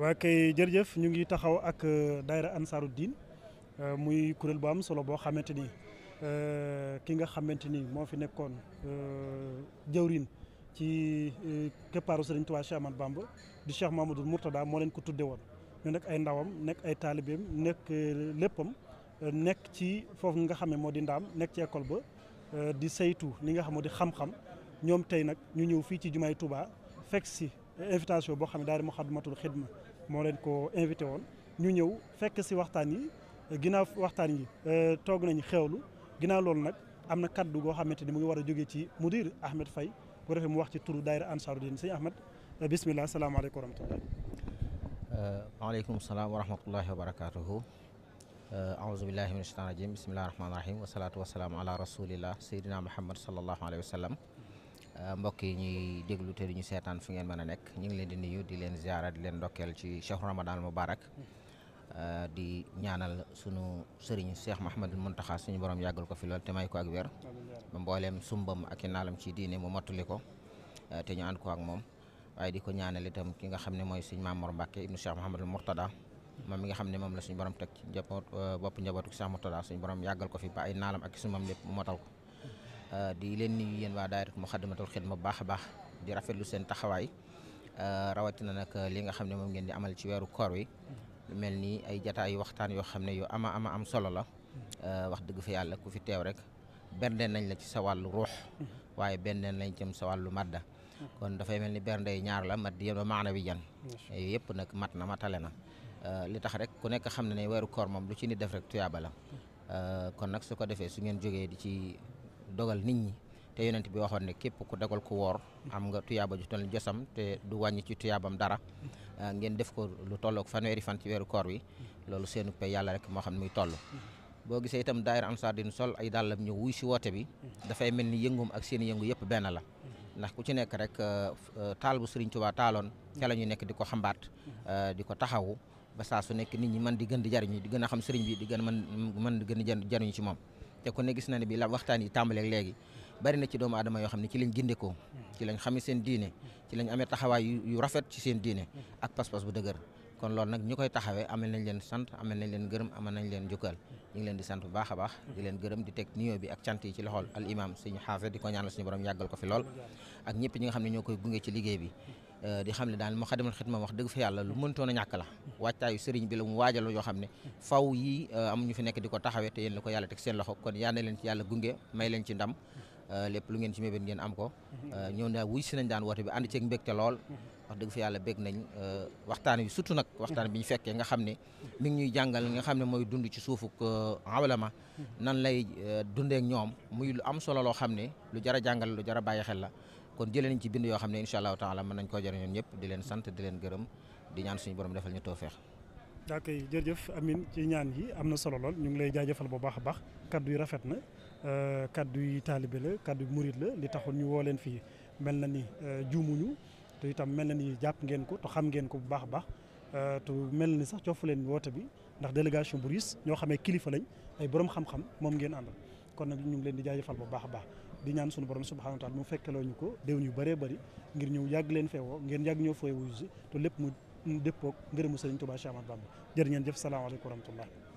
waa kay jërëjëf ñu ngi taxaw ak euh, daayra ansaaru diin euh, muy kuréel bu am solo boo xamante ni euh, ki nga xamante ni moo fi nekkoon jëwriñ ci keppaaru Sëriñ Tuubaa Cheikh Ahmadou Bamba di Cheikh Mamadou Mourtada moo leen ko tudde woon ñu nekk ay ndawam nekk ay taalibeem nekk léppam nekk ci foofu nga xam ne moo di ndaam nekk ci école ba di saytu li nga xam di xam-xam ñoom tey nag ñu ñëw fii ci jumaay tubaa fekk si invitation boo xam ne daal di Moukhaddamatoul Khidma moo leen ko invité woon ñu ñëw fekk si waxtaan yi ginnaaw waxtaan yi euh, toog nañu xewlu ginaa loolu nag am na kaddu goo xamante ni mu ngi war a jógee ci mudir Ahmed fay bu defee mu wax ci turu daayira Ansaarud-Din sëñ Ahmed euh, bisimilah salaamaaleykum wa rahmatulah. Euh, waaleykum salaam wa rahmatullahi a barakaatuhu. aouzu billahi min ashaitan rajim bisimilah rahmaani rahim wasalaatu wasalaamu ala rasulillah sayyidina muhammad sallallahu alayhi wa Euh, mbokk yi ñuy déglu te di ñu seetaan fu ngeen mën a nekk ñu ngi leen di nuyu di leen ziara di leen dokkeel ci cheikh ramadan mubarak euh, di ñaanal sunu sëriñ cheikh mahamadul muntaxa suñu borom yàggal ko fi lool te may ko ak wér ba mbooleem sumbam ak i naalam ci diine mu mottali ko euh, te ñu ànd ko ak moom waaye di ko ñaanal itam ki nga xam ne mooy suñ Mamour Mbacke ibnu cheikh mahamadul murtada moom mi nga xam ne la suñu borom teg ci bopp njabootu cheikh murtada suñu borom yàggal ko fi ba ay naalam ak sumam lépp mu motal ko Euh, di leen nuyu yéen waa daayira Muxaddamatul Xidma bu baax a baax di rafetlu seen taxawaay euh, rawatina nag euh, li nga xam ne moom ngeen di amal ci weeru koor wi mel ni ay jataay waxtaan yoo xam ne yu ama ama am solo la wax dëgg fa yàlla ku fi teew rek bernde nañ la ci sa wàllu ruux waaye bernde nañ ci sa wàllu madda kon dafay mel ni bernde ñaar la mat yéen a maana wi jan yëpp nag mat na matale na li tax rek ku nekk xam ne ne weeru koor moom lu ci nit def rek tuyaaba la mm. kon nag su su ngeen jógee di ci dogal nit ñi te yonent bi waxoon ne képp ku dogal ku woor am nga tuyaaba ju toll josam te du wàññi ci tuyaabam dara mm-hmm. ah, ngeen def ko lu tolloog fanweeri fan ci weeru koor wi mm-hmm. loolu seenu pay yàlla rek moo xam ne muy toll mm-hmm. boo gisee itam daayira Ansaar Din sol ay dàllam ñëw wuy si woote bi dafay mel ni yëngum ak seen yëngu yëpp benn la ndax ku ci nekk rek ah, ah, taal bu Sëriñ Tuubaa taaloon ca ñuy nekk di ko xambaat di ko taxawu ba saa su nekk nit ñi mën di gën di jariñu di gën a xam sëriñ bi di gën a mën mën di gën di jariñu ci moom te kon ne gis na ne bi la waxtaan yi tàmbaleeg léegi bari na ci doomu aadama yoo xam ne ci lañ gindekoo ci lañ xame seen diine ci lañ amee taxawaay yu rafet ci seen diine ak pas-pas bu dëgër kon loolu nag ñu koy taxawee amee nañ leen sant amal nañ leen gërëm amal nañ leen njukkal ñu ngi leen di sant bu baax a baax di leen gërëm di teg nuyoo bi ak cant yi ci loxol al imam suñu xaafe di ko ñaanal suñu borom yàggal ko fi lool ak ñëpp ñi nga xam ne ñoo koy gunge ci liggéey bi Euh, di xam ne daal Moukhaddamatoul ma wax dëgg fa yàlla lu mëntoon a ñàkk la waajtaayu sëriñ bi mu waajal yoo xam ne faw yi euh, am ñu fi nekk di ko taxawee te yéen la ko yàlla teg seen loxo kon yal na leen ci yàlla gunge ma leen ci ndam euh, lépp lu ngeen ci ngeen am ko ñëw na wuy si nañ daan woote bi ànd ceeg mbégte lool wax dëgg fa yàlla bég nañ waxtaan wi surtout nag waxtaan bi ñu fekkee nga xam ne mi ngi ñuy jàngal nga xam ne mooy dund ci suufuk awlama nan lay dundeek ñoom muy lu am solo loo xam ne lu jar a jàngal lu jar a bàyyi xel la kon jëlee nañ ci bind yoo xam ne incha allahu taala mën nañ koo jëriñoon ñëpp di leen sant di leen gërëm di ñaan suñu borom defal ñu tawfeex daa koy jërëjëf amin ci ñaan yi am na solo lool ñu ngi lay jaajëfal bu baax baax kaddu yi rafet na euh, kaddu yi taalibe la kaddu yi murit la li taxul ñu woo leen fii mel na ni euh, juumuñu te itam mel na ni jàpp ngeen ko xam ngeen ko bu baax a baax euh, te mel na ni sax cofu leen woote bi ndax délégation bu riis ñoo xamee kilifa lañ ay borom xam moom ngeen àndal kon nag ñu ngi leen di jaajëfal bu baax a baax di ñaan sunu borom subhanahu wa taala mu fekkeloo ñu ko déwén yu bëree bëri ngir ñëw yàgg leen feewoo ngeen yàgg ñoo fooy wuyu si te lépp mu dëppoog ngërëmu Sëriñ Tuubaa Cheikh Ahmadou Bamba jërë ngeen jëf salaamaaleykum wa rahmatullah